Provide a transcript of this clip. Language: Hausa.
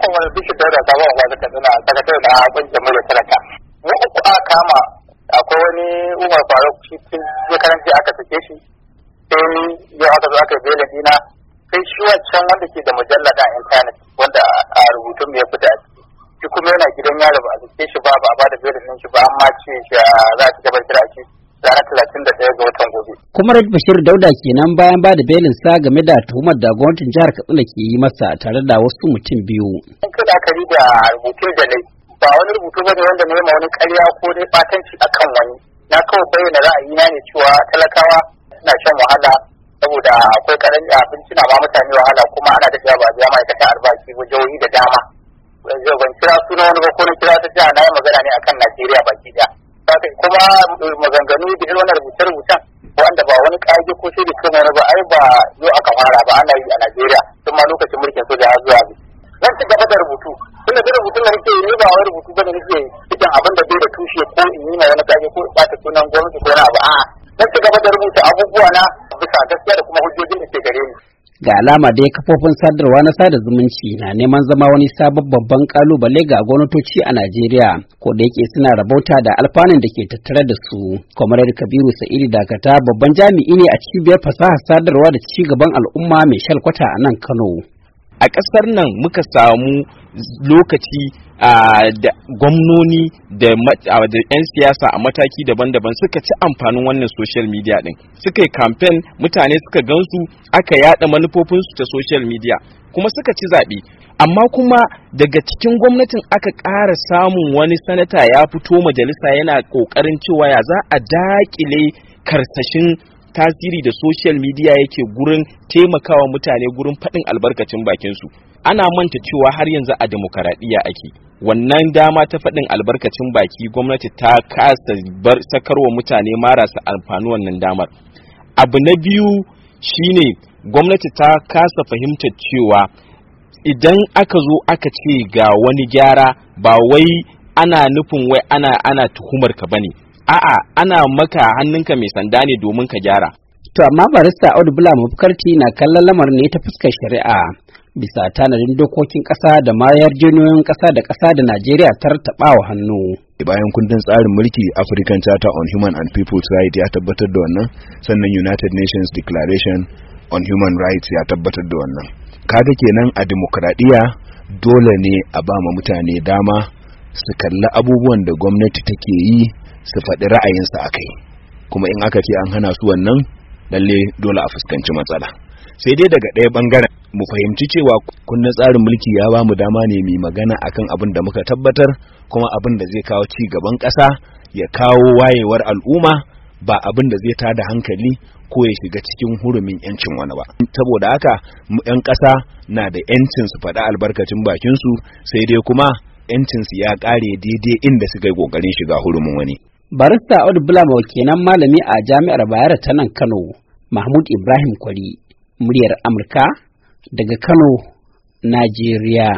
hakan wani bishi da da sabon ba zaka tana sakatar da kungiyar mai talaka mu uku a kama akwai wani Umar Faruk shi makaranci aka sake shi sai ya aka zo aka bela dina sai shi wancan wanda ke da mujalla da intanet wanda a rubutun ya fita shi kuma yana gidan yaro ba a sake shi ba ba a ba da belin shi ba amma ce shi za a ci gaba kira shi ranar talatin da ɗaya ga watan gobe. Kuma Bashir Dauda kenan bayan ba da belin sa game da tuhumar da gwamnatin jihar Katsina ke yi masa tare da wasu mutum biyu. In ka la'akari da rubutun da lai ba wani rubutu ba da wanda na ne ma wani karya ko dai batanci akan wani. Na kawai bayyana ra'ayi na ne cewa talakawa na shan wahala saboda akwai karan abinci na ba mutane wahala kuma ana da ba biya ma'aikata albashi jihohi da dama. Ban kira suna wani ba ko na kira ta jiha na yi magana ne akan Najeriya baki daya. lissafin kuma eh, maganganu da irin wannan rubuce-rubucen wanda ba wani ƙage ko shiri kuma wani ba ai ba yau aka fara ba ana yi a Najeriya tun ma lokacin mulkin soja har zuwa bi. Zan ci gaba da rubutu tun da rubutun da nake yi ba wai rubutu ba da nake cikin abin da bai da tushe ko in yi wani ƙage ko in ɓata sunan gwamnati ko wani abu a'a. Zan ci gaba da rubuta abubuwa na bisa gaskiya da kuma hujjojin da ke gare ni. ga alama dai kafofin sadarwa na sada zumunci na neman zama wani sabon babban kalubale ga gwamnatoci a Najeriya ko da yake suna rabauta da alfanun da ke tattare da su kwamarar kabiru Sa'idu dakata babban jami'i ne a cibiyar fasahar sadarwa da ci gaban al'umma mai shalkwata a nan kano a ƙasar nan muka samu lokaci da gwamnoni da 'yan siyasa a mataki daban-daban suka ci amfanin wannan social media din suka yi kamfen mutane suka gansu aka yada manufofinsu ta social media kuma suka ci zaɓe amma kuma daga cikin gwamnatin aka ƙara samun wani sanata ya fito majalisa yana ƙoƙarin cewa ya za a daƙile karsashin tasiri da social media yake gurin taimakawa mutane gurin faɗin albarkacin bakinsu ana manta cewa har yanzu a demokaradiyya ake wannan dama ta faɗin albarkacin baki gwamnati ta kasa sakarwa mutane marasa amfani wannan damar abu na biyu shine gwamnati ta kasa fahimtar cewa idan aka zo aka ce ga wani gyara ba wai ana nufin wai ana ana tuhumar ka bane a'a ana maka hannunka mai sanda ne domin ka gyara to amma barista Audu Bula Mafukarti na kallon lamarin ne ta fuskar shari'a bisa tanadin dokokin ƙasa da mayar yarjejeniyoyin ƙasa da ƙasa da Najeriya ta wa hannu. Bayan kundin tsarin mulki African Charter on Human and People's Rights ya tabbatar da wannan, sannan United Nations Declaration on Human Rights ya tabbatar da wannan. Kaga kenan a demokradiyya dole ne a ba mutane dama su kalli abubuwan da gwamnati take yi su faɗi ra'ayinsa a kai kuma in aka ce an hana su wannan lalle dole a fuskanci matsala sai dai daga ɗaya ɓangaren mu fahimci cewa kunnen tsarin mulki ya ba mu dama ne mai magana akan abin da muka tabbatar kuma abin da zai kawo ci gaban ƙasa ya kawo wayewar al'umma ba abin da zai tada hankali ko ya shiga cikin hurumin yancin wani ba saboda haka yan ƙasa na da yancin su faɗi albarkacin bakinsu sai dai kuma yancin su ya ƙare daidai inda suka yi ƙoƙarin shiga hurumin wani barista audu bulama kenan malami a jami'ar bayar ta nan kano mahmud ibrahim kwari muryar amurka daga kano najeriya